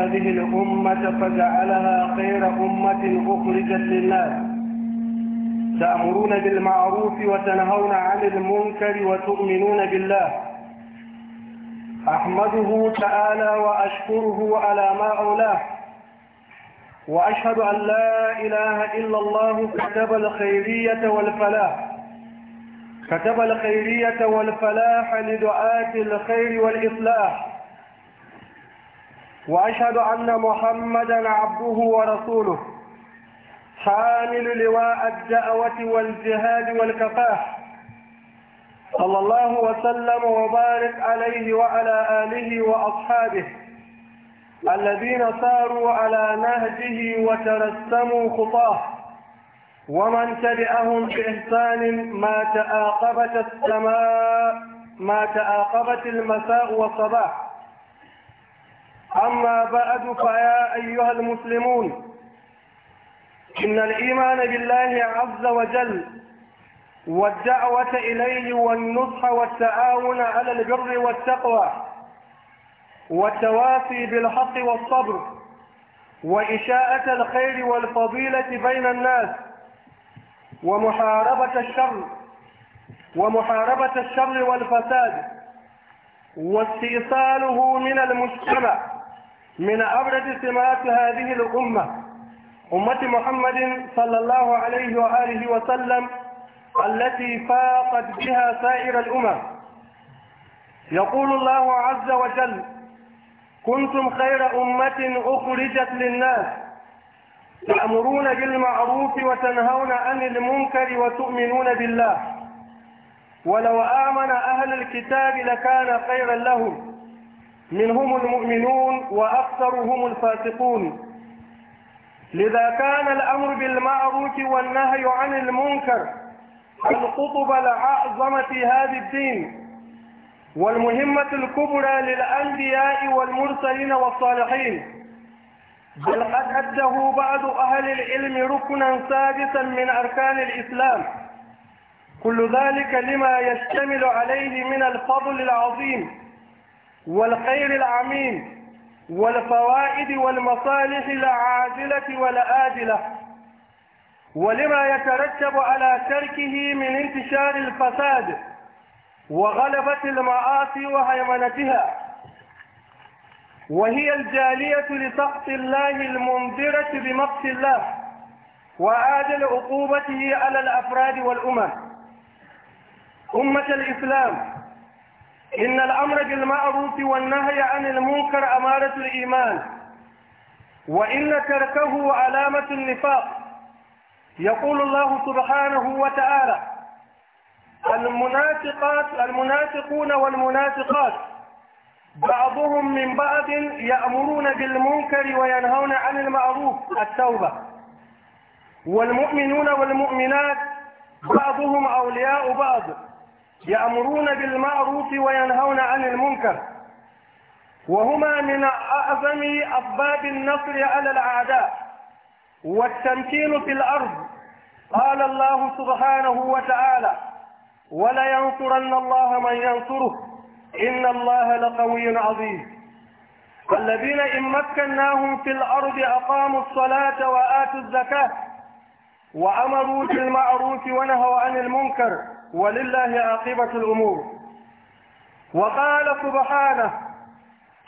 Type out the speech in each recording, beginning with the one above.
هذه الأمة فجعلها خير أمة أخرجت للناس تأمرون بالمعروف وتنهون عن المنكر وتؤمنون بالله أحمده تعالى وأشكره على ما أولاه وأشهد أن لا إله إلا الله كتب الخيرية والفلاح كتب الخيرية والفلاح لدعاة الخير والإصلاح وأشهد أن محمدا عبده ورسوله حامل لواء الدعوة والجهاد والكفاح صلى الله وسلم وبارك عليه وعلى آله وأصحابه الذين ساروا على نهجه وترسموا خطاه ومن تبعهم بإحسان ما تآقبت السماء ما تآقبت المساء والصباح أما بعد فيا أيها المسلمون إن الإيمان بالله عز وجل والدعوة إليه والنصح والتعاون على البر والتقوى والتوافي بالحق والصبر وإشاءة الخير والفضيلة بين الناس ومحاربة الشر ومحاربة الشر والفساد واستئصاله من المجتمع من أبرز سمات هذه الأمة أمة محمد صلى الله عليه وآله وسلم التي فاقت بها سائر الأمم يقول الله عز وجل كنتم خير أمة أخرجت للناس تأمرون بالمعروف وتنهون عن المنكر وتؤمنون بالله ولو آمن أهل الكتاب لكان خيرا لهم منهم المؤمنون وأكثرهم الفاسقون لذا كان الأمر بالمعروف والنهي عن المنكر القطب الأعظم في هذا الدين والمهمة الكبرى للأنبياء والمرسلين والصالحين بل قد أده بعض أهل العلم ركنا سادسا من أركان الإسلام كل ذلك لما يشتمل عليه من الفضل العظيم والخير العميم والفوائد والمصالح العاجلة والآجلة ولما يترتب على تركه من انتشار الفساد وغلبة المعاصي وهيمنتها وهي الجالية لسخط الله المنذرة بمقت الله وعادل عقوبته على الأفراد والأمم أمة الإسلام إن الأمر بالمعروف والنهي عن المنكر أمارة الإيمان وإن تركه علامة النفاق يقول الله سبحانه وتعالى المنافقات المنافقون والمنافقات بعضهم من بعض يأمرون بالمنكر وينهون عن المعروف التوبة والمؤمنون والمؤمنات بعضهم أولياء بعض يأمرون بالمعروف وينهون عن المنكر وهما من أعظم أسباب النصر على الأعداء والتمكين في الأرض قال الله سبحانه وتعالى ولينصرن الله من ينصره إن الله لقوي عظيم الذين إن مكناهم في الأرض أقاموا الصلاة وآتوا الزكاة وأمروا بالمعروف ونهوا عن المنكر ولله عاقبة الأمور وقال سبحانه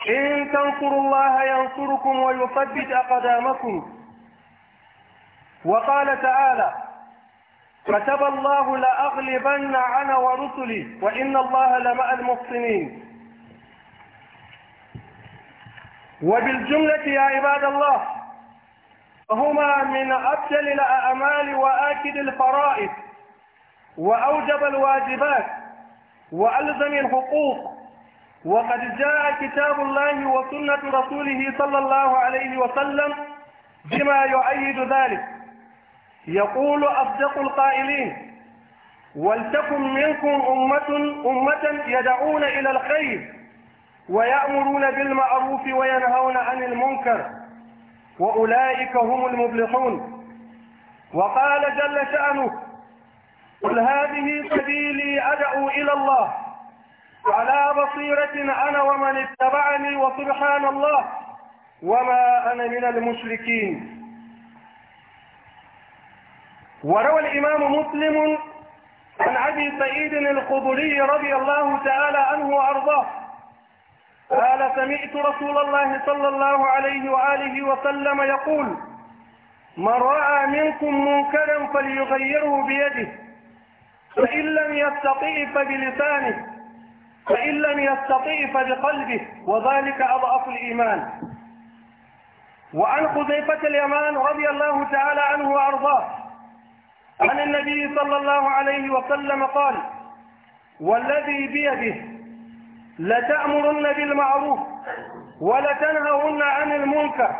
إن تنصروا الله ينصركم ويثبت أقدامكم وقال تعالى كتب الله لأغلبن أنا ورسلي وإن الله لمع المحسنين وبالجملة يا عباد الله هما من أبجل الأعمال وآكد الفرائض وأوجب الواجبات وألزم الحقوق وقد جاء كتاب الله وسنة رسوله صلى الله عليه وسلم بما يؤيد ذلك يقول أصدق القائلين ولتكن منكم أمة أمة يدعون إلى الخير ويأمرون بالمعروف وينهون عن المنكر وأولئك هم المفلحون وقال جل شأنه قل هذه سبيلي أدعو إلى الله على بصيرة أنا ومن اتبعني وسبحان الله وما أنا من المشركين وروى الإمام مسلم عن أبي سعيد الخضري رضي الله تعالى عنه وأرضاه قال سمعت رسول الله صلى الله عليه وآله وسلم يقول من رأى منكم منكرا فليغيره بيده فإن لم يستطيع فبلسانه فإن لم يستطيع فبقلبه وذلك أضعف الإيمان وعن خزيفة اليمان رضي الله تعالى عنه وأرضاه عن النبي صلى الله عليه وسلم قال والذي بيده لتأمرن بالمعروف ولتنهون عن المنكر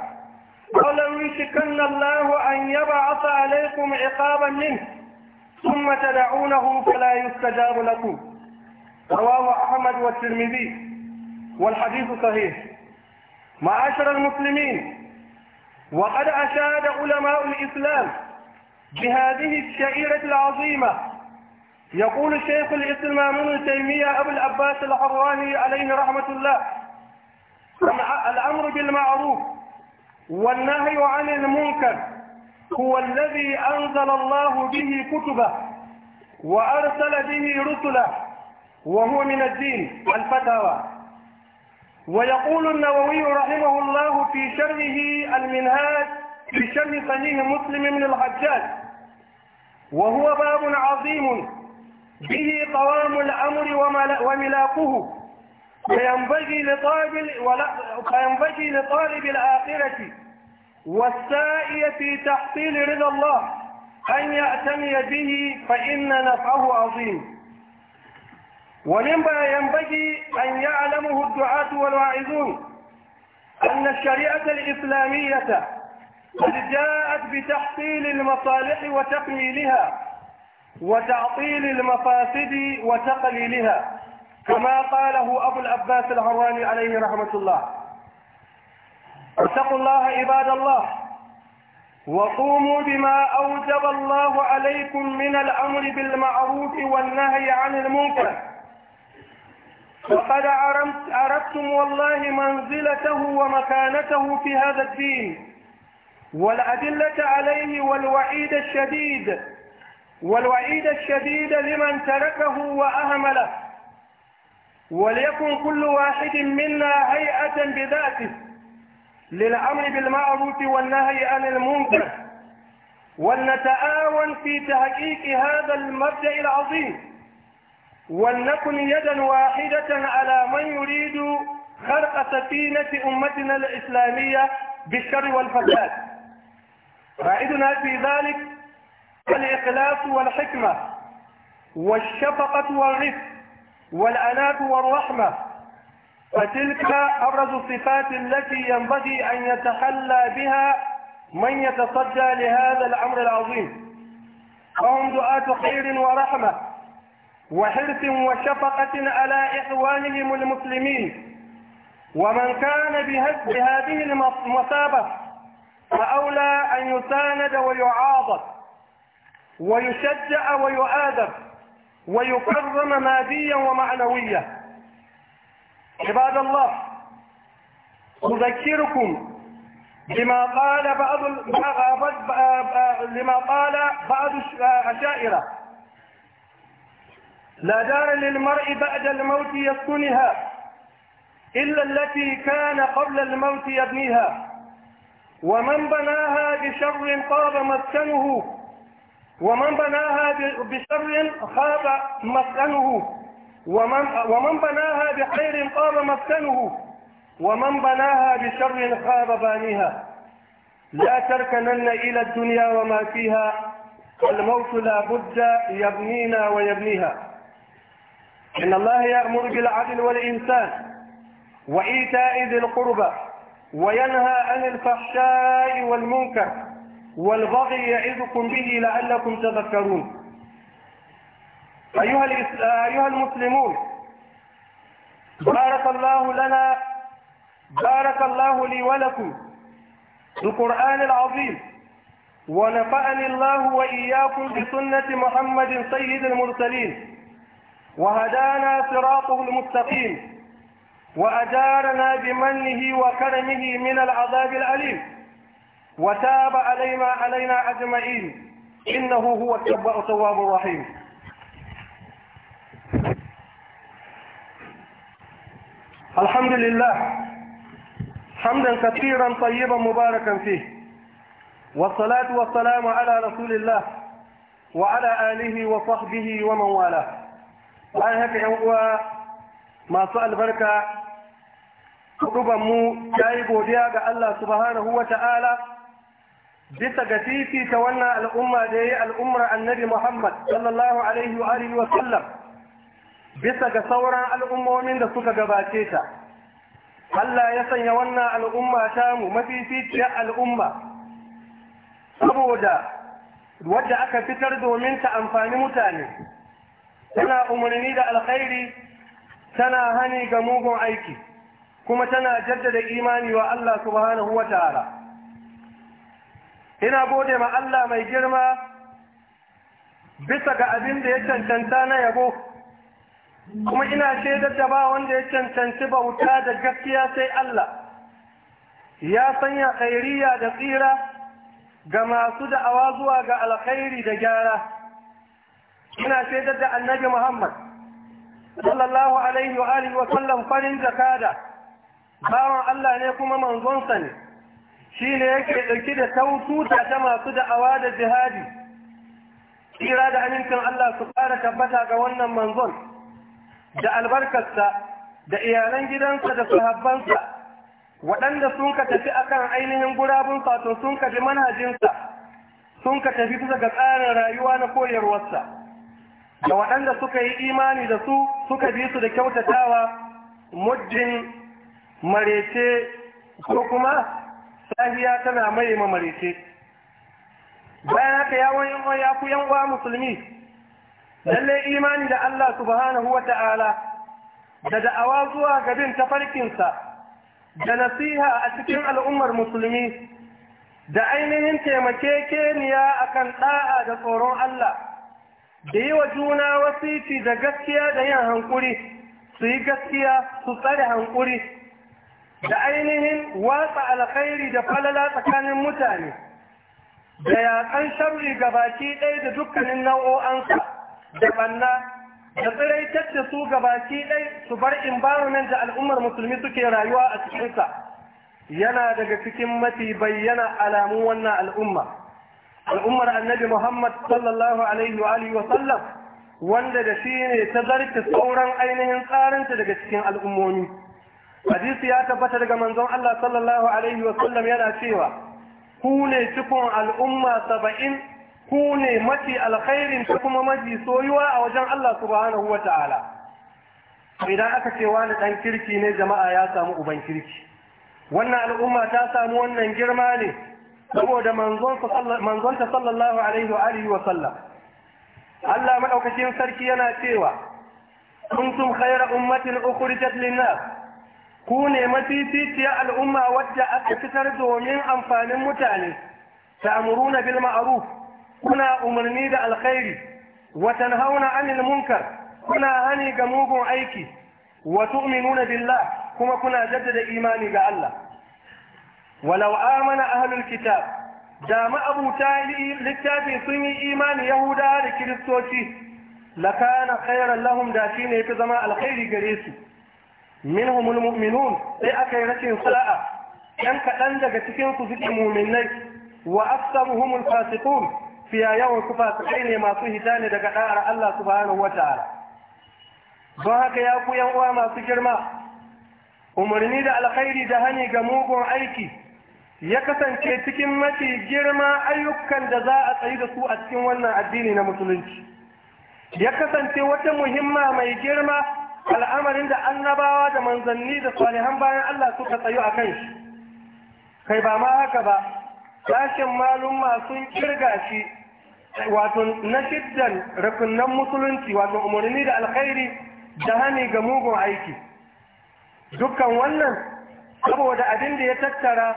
ولو يشكن الله أن يبعث عليكم عقابا منه ثم تدعونه فلا يستجاب لكم رواه أحمد والترمذي والحديث صحيح معاشر المسلمين وقد أشاد علماء الإسلام بهذه الشعيرة العظيمة يقول شيخ الإسلام ابن تيمية أبو العباس الحراني عليه رحمة الله الأمر بالمعروف والنهي عن المنكر هو الذي أنزل الله به كتبه وأرسل به رسله وهو من الدين الفتاوى ويقول النووي رحمه الله في شرحه المنهاج في شرح صحيح مسلم من الحجاج وهو باب عظيم به قوام الأمر وملاكه فينبغي لطالب, فينبغي لطالب الآخرة والسائي في تحصيل رضا الله أن يعتني به فإن نفعه عظيم ولما ينبغي أن يعلمه الدعاة والواعظون أن الشريعة الإسلامية قد جاءت بتحصيل المصالح وتقليلها وتعطيل المفاسد وتقليلها كما قاله أبو العباس العراني عليه رحمة الله اتقوا الله عباد الله وقوموا بما أوجب الله عليكم من الأمر بالمعروف والنهي عن المنكر فقد عرفتم والله منزلته ومكانته في هذا الدين والأدلة عليه والوعيد الشديد والوعيد الشديد لمن تركه وأهمله وليكن كل واحد منا هيئة بذاته للأمر بالمعروف والنهي عن المنكر ولنتآون في تحقيق هذا المبدأ العظيم ولنكن يدا واحدة على من يريد خرق سفينة أمتنا الإسلامية بالشر والفساد رائدنا في ذلك الإخلاص والحكمة والشفقة والرفق والأناة والرحمة فتلك أبرز الصفات التي ينبغي أن يتحلى بها من يتصدى لهذا الأمر العظيم فهم دعاة خير ورحمة وحرص وشفقة على إخوانهم المسلمين ومن كان بهذه المثابة فأولى أن يساند ويعاضد ويشجع ويؤادب ويكرم ماديا ومعنويا عباد الله أذكركم آه، لما قال بعض لما قال بعض آه، الأشاعرة لا دار للمرء بعد الموت يسكنها إلا التي كان قبل الموت يبنيها ومن بناها بشر طاب مسكنه ومن بناها بشر خاب مسكنه ومن, ومن بناها بخير قام مسكنه ومن بناها بشر خاب بانيها لا تركنن إلى الدنيا وما فيها الموت لا بد يبنينا ويبنيها إن الله يأمر بالعدل والإنسان وإيتاء ذي القربى وينهى عن الفحشاء والمنكر والبغي يعظكم به لعلكم تذكرون أيها, أيها المسلمون بارك الله لنا بارك الله لي ولكم القرآن العظيم ونفعني الله وإياكم بسنة محمد سيد المرسلين وهدانا صراطه المستقيم وأجارنا بمنه وكرمه من العذاب الأليم وتاب علينا علينا أجمعين إنه هو التواب الرحيم الحمد لله حمدا كثيرا طيبا مباركا فيه والصلاة والسلام على رسول الله وعلى آله وصحبه ومن والاه bayan haka ‘yan uwa masu albarka mu ya yi godiya ga Allah subhanahu wa ta'ala bisa ga titi ta wannan al'umma da ya al'ummar annabi Muhammad sallallahu Alaihi wa sallam bisa ga sauran al'ummomin da suka gabace ta Allah ya sanya wannan al'umma tamu mafificiyar al'umma saboda wadda aka fitar domin ta amfani mutane tana umarni da alkhairi tana hani ga mugun aiki kuma tana jaddada imani wa Allah subhanahu wa ta'ala ina gode ma Allah mai girma bisa ga abin da ya cancanta na yabo kuma ina shaidar da ba wanda ya cancanci bauta da gaskiya sai Allah ya sanya khairiyya da tsira ga masu da'awa zuwa ga alkhairi da gyara ina shaidar da annabi Muhammad sallallahu alaihi wa alihi wa sallam farin zakada bawan Allah ne kuma manzonsa ne shi ne yake ɗauki da tausuta ta masu da'awa da jihadi tsira da amincin Allah su ƙara tabbata ga wannan manzon da albarkarsa da iyalan gidansa da sahabbansa waɗanda sun ka tafi akan ainihin gurabun fatun sun ka bi manhajinsa sun ka tafi bisa ga tsarin rayuwa na koyarwarsa da waɗanda suka yi imani da su suka bi su da kyautatawa muddin marece ko kuma sahiya tana mai marece bayan haka yawon yan uwa musulmi lallai imani da Allah subhanahu wa ta'ala da da'awa zuwa gabin tafarkinsa da nasiha a cikin al'ummar musulmi da ainihin keniya a kan ɗa'a da tsoron Allah da yi wa juna wasici da gaskiya da yin hankuri su yi gaskiya su tsare hankuri da ainihin watsa alkhairi da falala tsakanin mutane da yaƙan sharri ga baki ɗaya da dukkanin nau'o'ansa da banna da tsiraitar da su gabaki ɗai su bar environment da al'ummar musulmi suke rayuwa a cikinsa yana daga cikin mafi bayyana alamun wannan al'umma al'ummar annabi muhammad sallallahu alaihi wa alihi wa sallam wanda da shi ne ta zarta sauran ainihin tsarinta daga cikin al'ummomi hadisi ya tabbata daga manzon Allah sallallahu alaihi wa sallam yana cewa ku ne cikin al'umma saba'in ku ne mafi alkhairin ta kuma mafi soyuwa a wajen Allah subhanahu wa ta'ala idan aka ce wani dan kirki ne jama'a ya samu uban kirki wannan al'umma ta samu wannan girma ne saboda manzonta sallallahu alaihi wa wa sallam Allah maɗaukacin sarki yana cewa sun khaira ummatin ukhrijat lin ku ne mafificiya al'umma wadda aka fitar domin amfanin mutane ta amuruna bil ma'ruf kuna umarni da alkhairi watan Hauna anil munkar kuna hani ga mugun aiki wa tu'minuna billah kuma kuna jaddada imani ga Allah walau amana ahlul kitab da ma'abuta littafi sun yi imani yahuda da kiristoci lakana khairan lahum da ne ta zama alkhairi gare su minhumul mu'minun sai aka yi rashin sa'a yan kaɗan daga cikin su suke wa aksaruhumul fasiqun mafiya yawan ku fasikai ne masu hita ne daga ɗa'ar Allah subhanahu wata'ala don haka ya ku yan uwa masu girma umarni da alkhairi da hani ga mugun aiki ya kasance cikin mafi girma ayyukan da za a tsayi da su a cikin wannan addini na musulunci ya kasance wata muhimma mai girma al'amarin da annabawa da manzanni da salihan bayan Allah suka tsayo a kan shi kai ba ma haka ba sashen malumma sun kirga shi wato na shiddan rukunan musulunci wato umarni da alkhairi da hani ga mugun aiki dukkan wannan saboda abin da ya tattara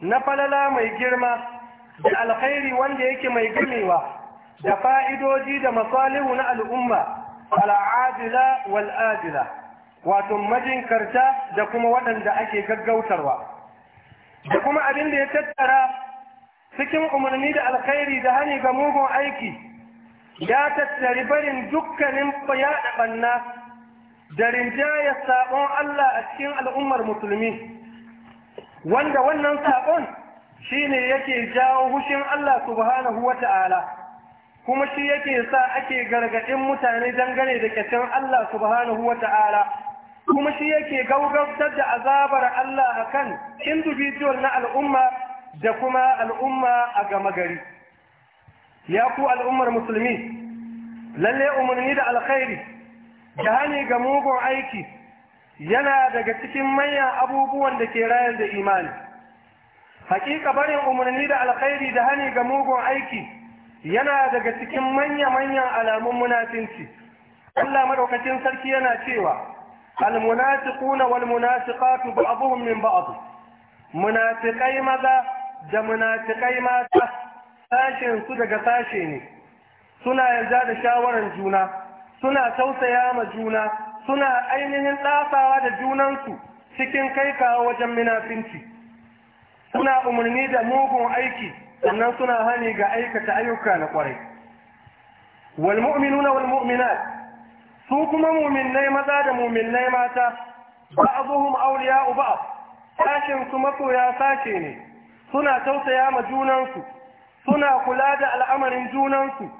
na falala mai girma da alkhairi wanda yake mai gamewa da fa'idoji da masalihu na al'umma al'adila wal'adila wato majinkarta da kuma waɗanda ake gaggautarwa da kuma abin da ya tattara cikin umarni da alkhairi da hani ga mugun aiki ya tattari barin dukkanin yaɗa ɓanna da rinjayar saɓon Allah a cikin al'ummar musulmi wanda wannan saɓon shi ne yake jawo hushin Allah subhanahu wa ta'ala kuma shi yake sa ake gargaɗin mutane dangane da ƙashin Allah subhanahu wa ta'ala kuma shi yake gaugabtar da azabar Allah akan individual na al'umma da kuma al'umma a gama gari ya ku al'ummar musulmi lalle umarni da alkhairi da hani ga mugun aiki yana daga cikin manyan abubuwan da ke rayar da imani hakika barin umarni da alkhairi da hani ga mugun aiki yana daga cikin manya-manyan alamun munafinci Allah maɗaukacin sarki yana cewa المنافقون والمنافقات بعضهم من بعض munafikai maza da munafikai mata sashen su daga sashe ne suna yarda da shawaran juna suna tausaya ma juna suna ainihin ɗafawa da junansu cikin kai kawo wajen munafinci suna umarni da mugun aiki sannan suna hani ga aikata ayyuka na kwarai wal mu'minuna wal mu'minat su kuma mu'minnai maza da mu'minnai mata ba'dhum awliya'u ba'd sashen su masoya sashe ne suna tausaya ma junansu suna kula da al'amarin junansu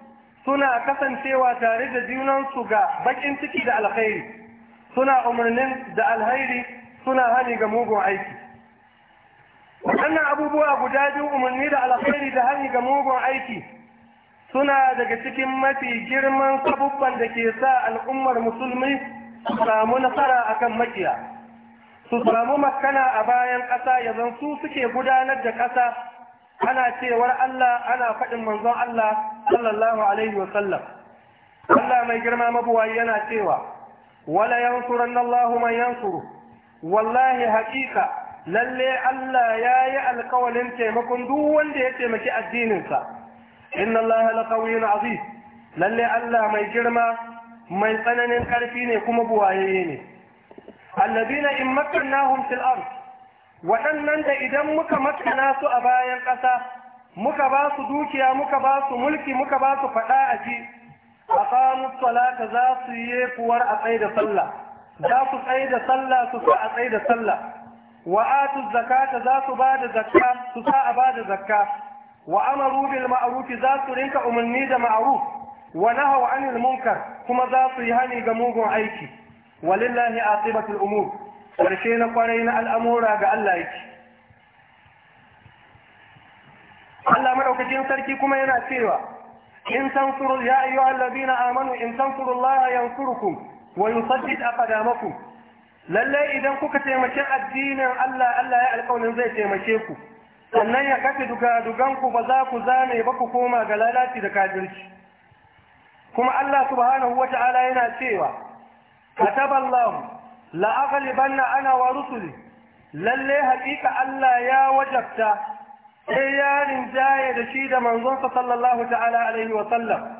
suna kasancewa tare da junansu ga bakin ciki da alkhairi suna umarnin da alkhairi suna hani ga mugun aiki waɗannan abubuwa guda biyu umarni da alkhairi da hani ga mugun aiki suna daga cikin mafi girman sabubban da ke sa al'ummar musulmi su samu nasara akan makiya su samu makana a bayan ƙasa ya zan su suke gudanar da ƙasa ana cewar Allah ana faɗin manzon Allah sallallahu alaihi wa sallam Allah mai girma mabuwayi yana cewa wala yansuranna Allah man yansuru wallahi haƙiƙa lalle Allah ya yi alƙawalin taimakon duk wanda ya taimaki addininsa inna Allah laqawiyyun aziz lalle Allah mai girma mai tsananin ƙarfi ne kuma buwaye ne alladina in makarnahum fil ard waɗannan da idan muka makana su a bayan ƙasa muka ba su dukiya muka ba su mulki muka ba su faɗa a ji aqamu salata za su yi kuwar a tsaye da sallah za su tsaye da sallah su sa a tsaye da sallah wa zakata za su ba a ba da zakka wa amaru ma'arufi ma'ruf za su rinka umarni da ma'aruf. wa nahaw anil munkar kuma za su yi hani ga mugun aiki walillahi aqibatul umur karshe na kwarai na al'amura ga Allah yake Allah madaukakin sarki kuma yana cewa in tansuru ya ayyuhal na amanu in tansuru Allah yansurukum wa yusaddid aqdamakum lalle idan kuka taimaki addinin Allah Allah ya alƙawarin zai taimake ku sannan ya kafe duka duganku ba za ku zame ba ku koma ga lalaci da kafirci kuma Allah subhanahu wata'ala yana cewa kataba Allahu la aghlibanna ana wa rusuli lallai haƙiƙa Allah ya wajabta sai ya rinjaye da shi da manzonsa sa sallallahu ta'ala alaihi wa sallam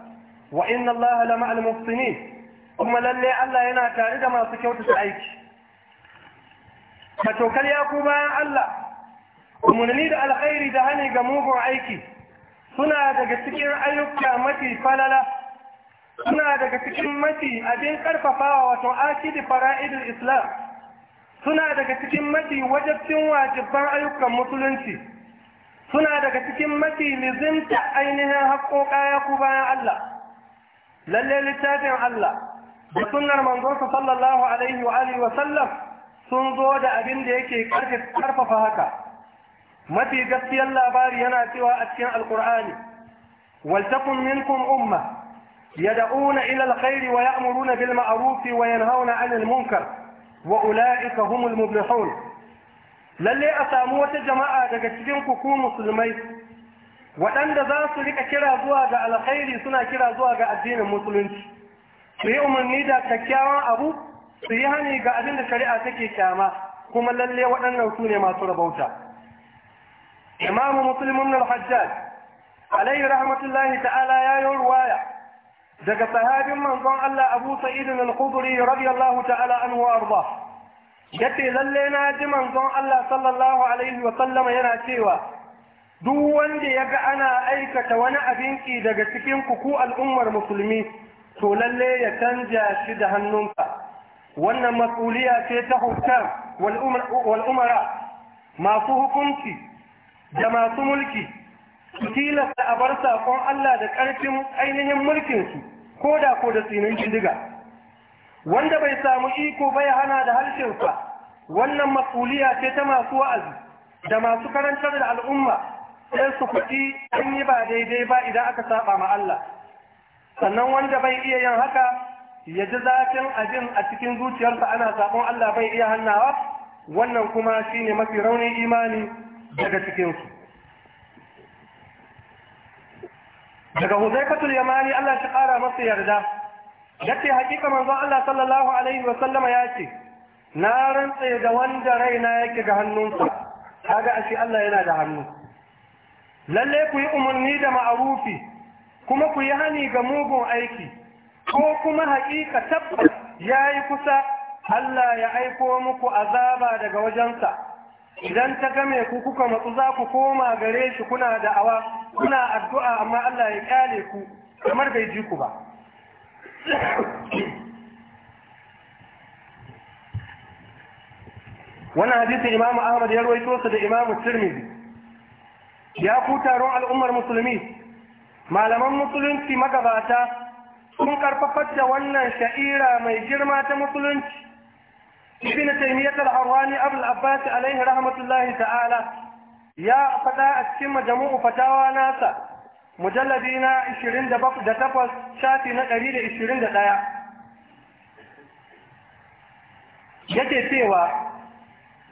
wa inna Allah la ma'al muhsinin kuma lallai Allah yana tare da masu kyautar aiki kato kalya kuma Allah umurni da alkhairi da hani ga mugun aiki suna daga cikin ayyuka mafi falala suna daga cikin mafi abin wa wato akidi fara'idul islam suna daga cikin mafi wajabcin wajibban ayyukan musulunci suna daga cikin mafi lizinta ainihin haƙoƙa ya ku bayan Allah lalle littafin Allah da sunnar manzonsa sallallahu alaihi wa alihi wa sallam sun zo da abin da yake karfafa haka mafi gaskiyar labari yana cewa a cikin alkur'ani wal takum minkum Umma? Ya na wa يدعون إلى الخير ويأمرون بالمعروف وينهون عن المنكر وأولئك هم المبلحون Lallai a samu wata jama'a daga cikin ku musulmai waɗanda za su rika kira zuwa ga alkhairi suna kira zuwa ga addinin musulunci su yi umarni da kyakkyawan abu su yi hani ga abinda da shari'a take kyama kuma lallai waɗannan su masu rabauta imamu muslim ibn al-hajjaj alayhi ta'ala ya yi ruwaya daga sahabin manzon Allah Abu Sa'id al-Khudri radiyallahu ta'ala anhu arda yace lalle na ji manzon Allah sallallahu alaihi wa sallama yana cewa duk wanda ya ga ana aikata wani abinki daga cikin ku al'ummar musulmi to lalle ya canja shi da hannunka wannan mas'uliya ce ta hukam wal umara masu hukunci da masu mulki tilasta a bar saƙon Allah da ƙarfin ainihin mulkinsu ko da ko da tsinin bindiga wanda bai samu iko bai hana da harshensa wannan masuliya ce ta masu wa'azi da masu karantar da al'umma sai su kuɗi an yi ba daidai ba idan aka saba ma Allah sannan wanda bai iya yin haka ya ji zafin abin a cikin zuciyarsa ana saƙon Allah bai iya hannawa wannan kuma shine mafi raunin imani daga cikinsu daga huzaifatul yamani Allah shi kara masa yarda yace hakika manzon Allah sallallahu alaihi wa sallama yace na rantse da wanda raina yake ga hannunsa kaga ashe Allah yana da hannu lalle ku yi umarni da ma'arufi kuma ku yi hani ga mugun aiki ko kuma hakika tabbas yayi kusa Allah ya aiko muku azaba daga wajensa idan ta game ku kuka matsu za ku koma gare shi kuna awa? kuna addu'a amma Allah ya kyale ku kamar bai ji ku ba wannan hadisin imamu ahmad ya rawaito sa da imamu tirmidhi ya ku taron al'ummar musulmi malaman musulunci magabata sun karfafar da wannan sha'ira mai girma ta musulunci ibn taymiyyah al-harwani abul abbas alaihi rahmatullahi ta'ala ya faɗa a cikin majamu'u fatawa nasa mujalladi na 28 shafi na 121 yake cewa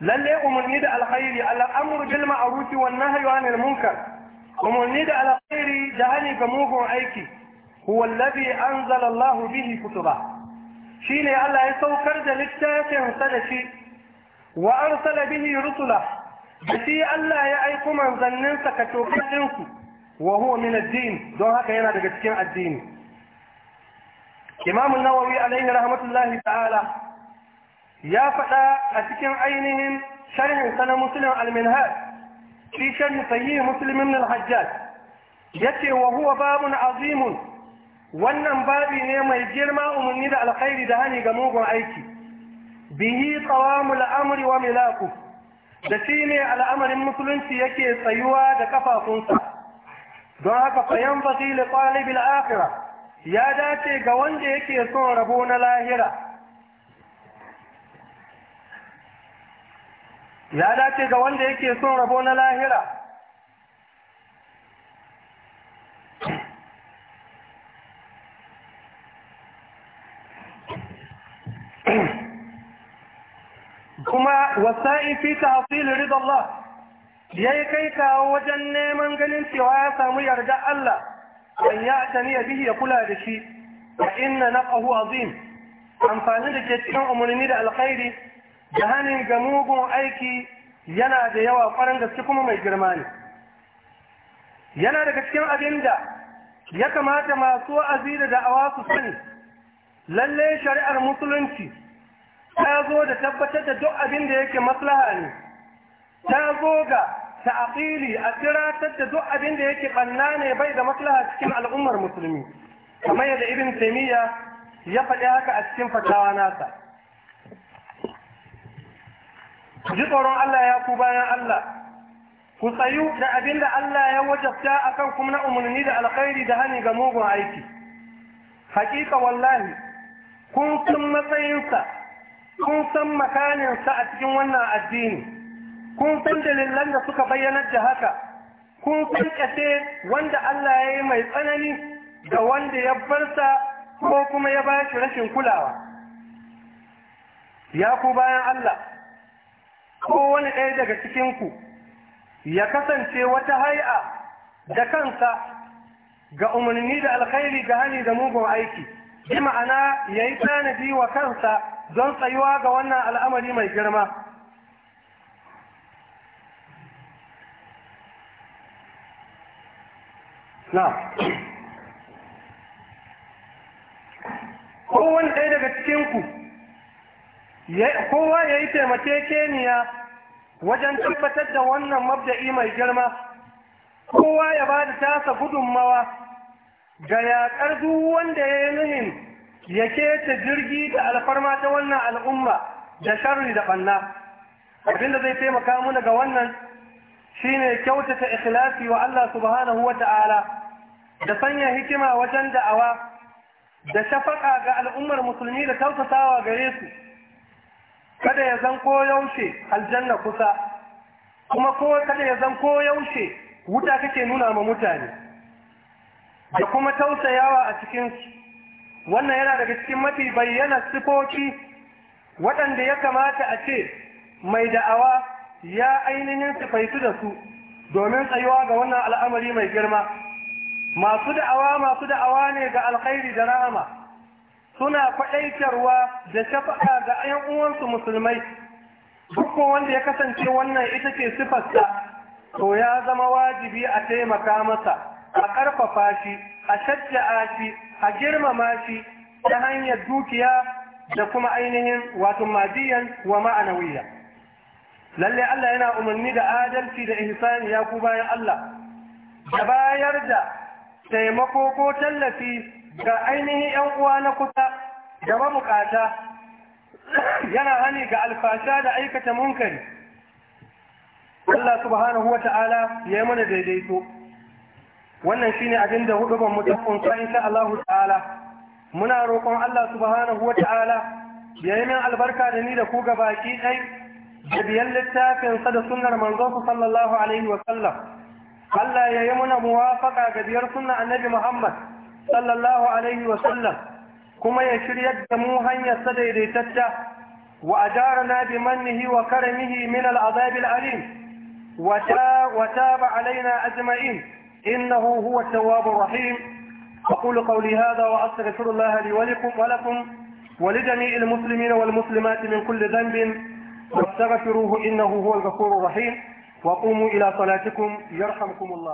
lalle umarni da alkhairi al'amru bil ma'ruf wan nahyu 'anil munkar umarni da alkhairi da hani ga mugun aiki huwa alladhi anzala Allah bihi kutuba shine Allah ya saukar da littafin sa da shi wa arsala bihi rusula da shi Allah ya aiko manzanninsa ka tokar ɗinsu wa huwa min addini don haka yana daga cikin addini imamu nawawi alaihi rahmatullahi ta'ala ya faɗa a cikin ainihin sharhin sanar musulun alminhaj shi sharhi sahih Musulmin al-hajjaj ce wa huwa babun azimun wannan babi ne mai girma umarni da alkhairi da hani ga mugun aiki bihi qawamul amri wa milaku da shi ne al'amarin musulunci yake tsayuwa da kafafunsa don haka fayan fasili ƙwalibin akira ya dace ga wanda yake son rabo na lahira ya dace ga wanda yake son rabo na lahira kuma wasa'in fi tahsil ridha Allah yayi kai kawo wajen neman ganin cewa ya samu yarda Allah an ya tani bihi ya kula da shi a inna naqahu azim amfani da ke cikin umarni da alkhairi da hannun ga mugun aiki yana da yawa kwarin gaske kuma mai girma ne yana daga cikin abin da ya kamata masu wa'azi da da'awa su sani lalle shari'ar musulunci ta zo da tabbatar da duk abin da yake maslaha ne ta zo ga ta'aqili a tiratar da duk abin da yake banna ne bai da maslaha cikin al'ummar musulmi kamar yadda ibn taymiya ya faɗi haka a cikin fatawa nasa ji tsoron Allah ya ku bayan Allah ku tsayu da abin da Allah ya wajabta akan kuma na umarni da alkhairi da hani ga mugun aiki hakika wallahi kun sun matsayinsa kun san makaninsa a cikin wannan addini kun san dalilan da suka bayyanar da haka kun san wanda Allah ya yi mai tsanani da wanda ya barsa ko kuma ya ba shi rashin kulawa ya ku bayan Allah ko wani ɗaya daga cikinku ya kasance wata hai'a da kansa ga umarni da alkhairi ga hani da mugun aiki bi ma'ana ya yi tanadi wa kansa don tsayuwa ga wannan al'amari mai girma na kowane ɗaya daga cikinku kowa ya yi taimakekeniya wajen tabbatar da wannan mabda'i mai girma kowa ya ba da tasa gudunmawa ga yaƙar duk wanda ya yi nuhin ya keta jirgi da alfarma ta wannan al'umma da sharri da banna abinda zai taimaka muna ga wannan shi shine kyautata ikhlasi wa Allah subhanahu wa ta'ala da sanya hikima wajen da'awa da shafaka ga al'ummar musulmi da tausasawa gare su kada ya zan ko yaushe aljanna kusa kuma kada ya zan ko yaushe wuta kake nuna ma mutane da kuma tausayawa a cikinsu wannan yana daga cikin mafi bayyana sifofi waɗanda ya kamata a ce mai da'awa ya ainihin sifaitu da su domin tsayuwa ga wannan al'amari mai girma masu da'awa masu da'awa ne ga alkhairi da rahama suna kwaɗaitarwa da shafa'a ga 'yan uwansu musulmai dukkan wanda ya kasance wannan ita ce sifarsa to ya zama wajibi a taimaka masa a ƙarfafa shi a shajja'a shi a girmama shi ta hanyar dukiya da kuma ainihin wato madiyan wa ma'anawiya lalle Allah yana umarni da adalci da ihsani ya ku bayan Allah da bayar da taimako ko tallafi ga ainihin ‘yan uwa na kusa da mabukata yana hani ga alfasha da aikata munkari Allah subhanahu wa ta'ala ya yi mana daidaito wannan shine abin da hudu ban mutum kunsa insha Allah ta'ala muna roƙon Allah subhanahu wa ta'ala ya yi min albarka da ni da ku ga baki ɗai da biyan littafinsa da sunnar manzon sallallahu alaihi wa sallam Allah ya yi muna muwafaka ga biyar suna annabi Muhammad sallallahu alaihi wa sallam kuma ya shiryar da mu hanyar sa daidaitacca wa ajarana bi mannihi wa karamihi min al-azab al-alim wa ta wa taba alaina ajma'in إنه هو التواب الرحيم أقول قولي هذا وأستغفر الله لي ولكم ولكم ولجميع المسلمين والمسلمات من كل ذنب واستغفروه إنه هو الغفور الرحيم وقوموا إلى صلاتكم يرحمكم الله